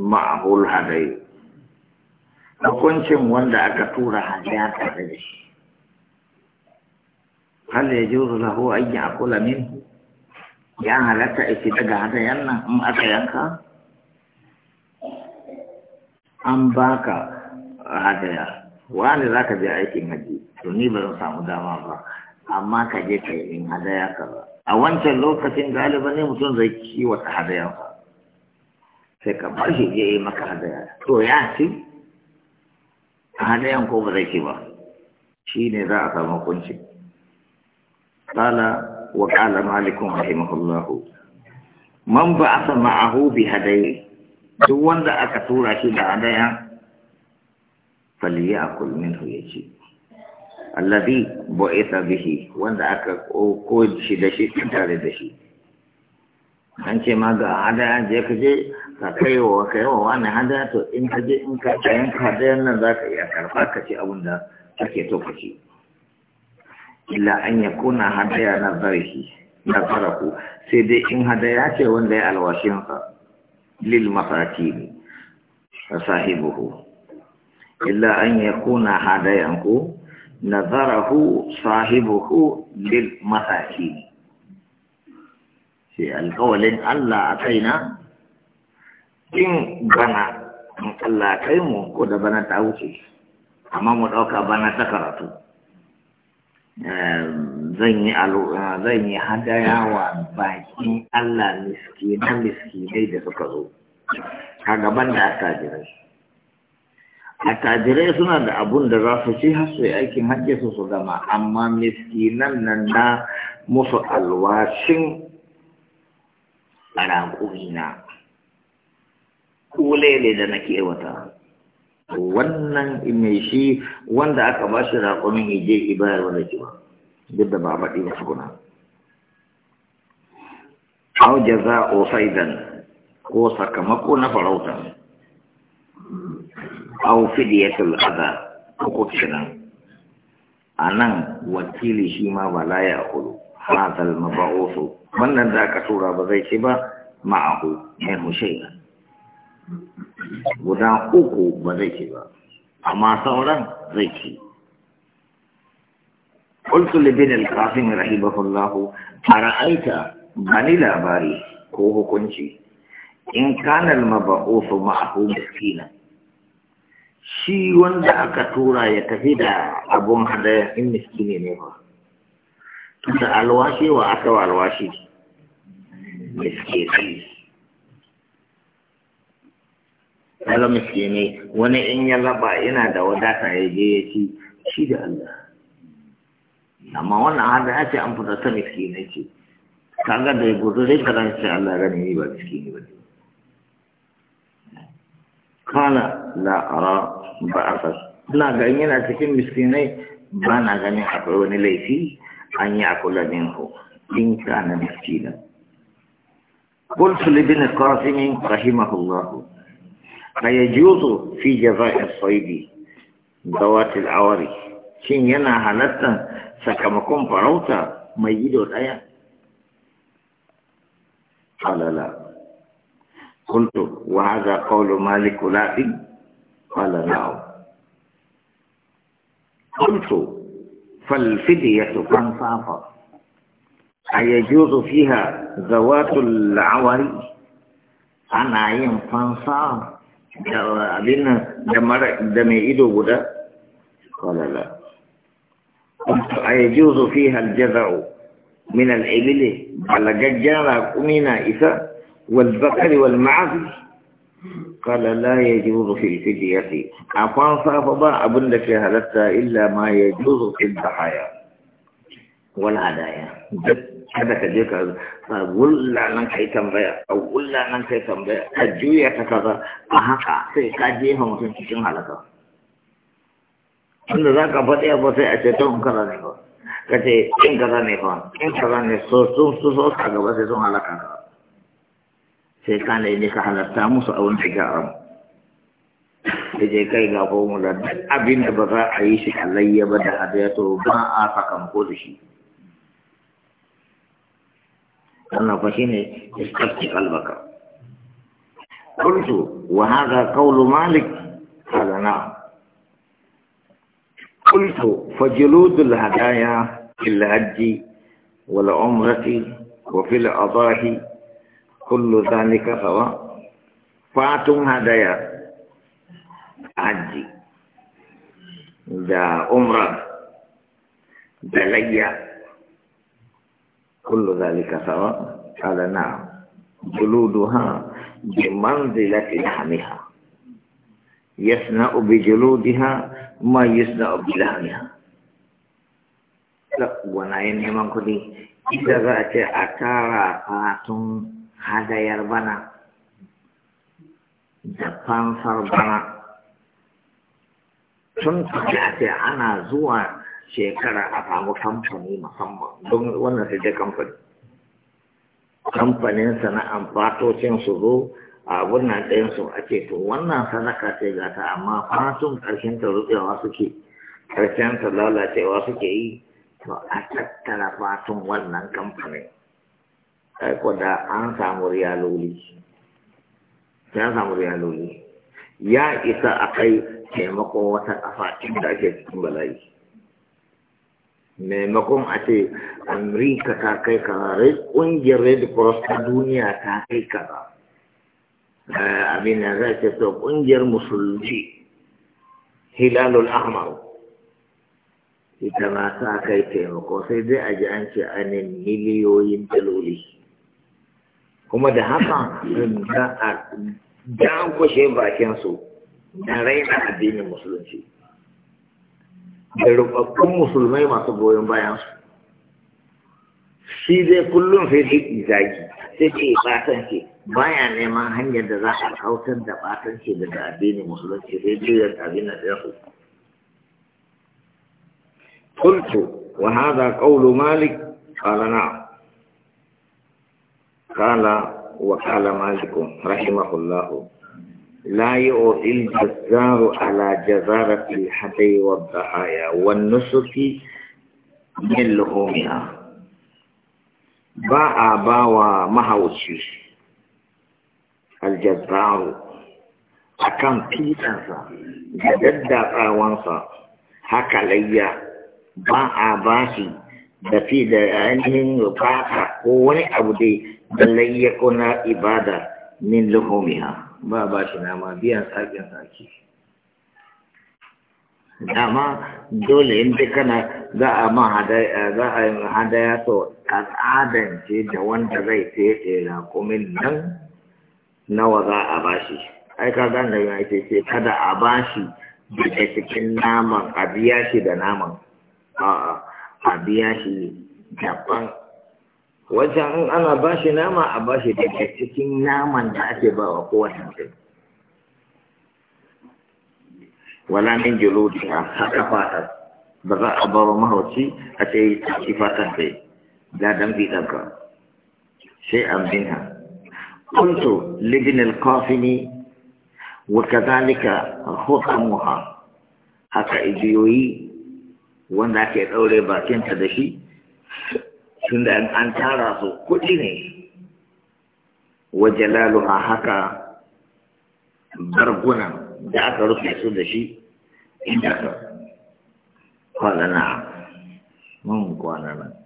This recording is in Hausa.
ma'ahul hadai hukuncin wanda aka tura hadaya tare da shi hal ya wuzu lahu an kula min? ya halatta ake daga hadayan nan in aka yanka an baka hadaya wani za ka je aikin haji to ni ba zan samu dama ba amma ka je ka yi in hadaya ka ba a wancan lokacin galiba ne mutum zai kiwata hadayansa sai ka bar shi ya yi maka hadaya to ya ci hadayan ko ba zai ci ba shi ne za a samu kunci kala wa kala malikun rahimahullahu man ba a sama a hobi hadayi. duk wanda aka tura shi da hadaya ya ci. allabi الذي بعث bihi wanda aka ko shi da shi tare da shi an ce ma ga hadaya je ka je ka kai wa ka wa wani hada to in ka je in ka kayan hadayan nan za ka iya karfa ka ce abin da ake so ka ce illa an ya kuna hadaya na zarafi na zarafu sai dai in hadaya ce wanda ya alwashinsa lil mafatini sahibuhu illa an ya kuna hadayan ku na nazarahu sahibuhu lil ne sai alƙawalin Allah a kaina in bana in Allah kai mu ko da bana ta wuce amma mu ɗauka bana ta karatu ehm, zan yi eh, zan yi hadaya wa bakin Allah miski na dai da suka zo a gaban da attajirai attajirai suna da abun da za su ci har su aikin hajji su su gama amma miskinan nan na musu alwashin na. kulele da nake wata wannan imeshi shi wanda aka ba shi raƙumin ije ibayar wanda ke ba duk da ba a baɗi masu guna au jaza o saidan ko sakamako na farauta au fidiyatul adha hukuncin a nan wakili shi ma ba la ya kudu hadal maba'usu wannan da aka tura ba zai ce ba ma'ahu min hushaina guda uku ba zai ci ba amma sauran zai ci قلت لبن القاسم a ra'aita ba ni labari ko hukunci, in kanal maba'ufu ma'ahu miskina shi wanda aka tura ya tafi da abun hadaya in miskine ne ba da alwashi wa aka wa alwashi kaga miskini wani in ya raba yana da wadata ya je ya ci shi da Allah amma wannan hada ya ce an fita ta miskinai ce kaga da guzurin ka dan sai Allah gani ni ba miski ne ba kana la ara ba asas ina ga yana cikin miskinai ba na ganin akwai wani laifi an yi akula minhu in kana miskina قلت لابن القاسم رحمه الله فيجوز في جزاء الصيد ذوات العواري شين ينا حالتا سكمكم فروتا ميدو الآية قال لا قلت وهذا قول مالك لائم قال نعم قلت فالفدية فانصافة أيجوز فيها ذوات العواري أنا عين فانصاف da abin nan da mara da mai ido guda qala la ayajuzu fiha al-jaza'u min al-ibil balagajjara kumina isa wal bakari wal ma'afi qala la yajuzu fi al-fidyati afan fa ba abin da ke halatta illa ma yajuzu fi al-dhahaya wal hadaya duk kada ka je ka a wulla nan kai tambaya a wulla nan kai tambaya a juya ta kaza a haka sai ka jefa mutum cikin halaka tunda za ka faɗi abu sai a ce ta in kaza ne ba ka ce in kaza ne ba in kaza ne so sun su so ka gaba sai sun halaka ka sai ka ne ne ka halarta musu a wani shiga a da je kai ga formula duk abin da ba za a yi shi halayya ba da hadaya to ba a ko da shi أنا فشين استفتي قلبك قلت وهذا قول مالك قال نعم قلت فجلود الهدايا في الحج والعمرة وفي الأضاحي كل ذلك سواء فاتم هدايا حجي ذا عمره ذا كل ذلك سواء قال نعم جلودها بمنزلة لحمها يصنع بجلودها ما يصنع بلحمها لا ونعين همان كدي إذا ذات أكارا قاتم هذا يربنا دفان صربنا sun أنا a shekara a samu kamfani musamman don wannan sai dai kamfani kamfanin sana'an fatocin su zo a wannan ɗayan su a ce to wannan sadaka ce ga ta amma fatun ƙarshen ta rutsewa suke ƙarshen ta lalacewa suke yi to a tattara fatun wannan kamfanin aiko da an samu riyaloli ya samu riyaloli ya isa a kai taimako wata ƙafa inda ake cikin bala'i maimakon a ce amurka ta kai kaza ƙungiyar red cross ta duniya ta kai kaza eh, abin da za ce to ƙungiyar musulunci hilalul ahmar ita ma ta kai taimako sai dai a ji an ce anin miliyoyin daloli kuma da haka za a dankushe bakinsu da raina addinin musulunci da musulmai masu goyon bayan su shi zai kullum sai shi izaki sai ce batan baya neman hanyar da za a kautar da batan daga addinin musulunci sai juyar abin da ya su قلت وهذا قول مالك قال نعم قال لا يؤذي الجزار على جزارة الحدي والضحايا والنسك من لحومها باء باوى مهوشي الجزار أكم تيتنسا جدد قاوانسا هكا ليا باء باشي دفي fi da ainihin fata بل wani abu من da ba ba shi nama biyan sakin saki dama dole in dai kana za a ma za a yi hadaya to ka tsadance da wanda zai tsaye na kumin nan nawa za a bashi ai ka zan da yana ce kada a shi da cikin naman a biya shi da naman a biya shi daban wajen an ana ba shi nama a ba shi daga cikin naman da ake ba wa kowace mutum wala min juludi a haka fata ba za a ba wa mahauci a ce yi fata fatan da dan bidanka sai an ha kuntu libin alkafini wa kazalika hukamuha haka igiyoyi wanda ake ɗaure bakinta da shi tunda an tara su kuɗi ne wa a haka bargunan da aka rufe su da shi inda ka kwana mun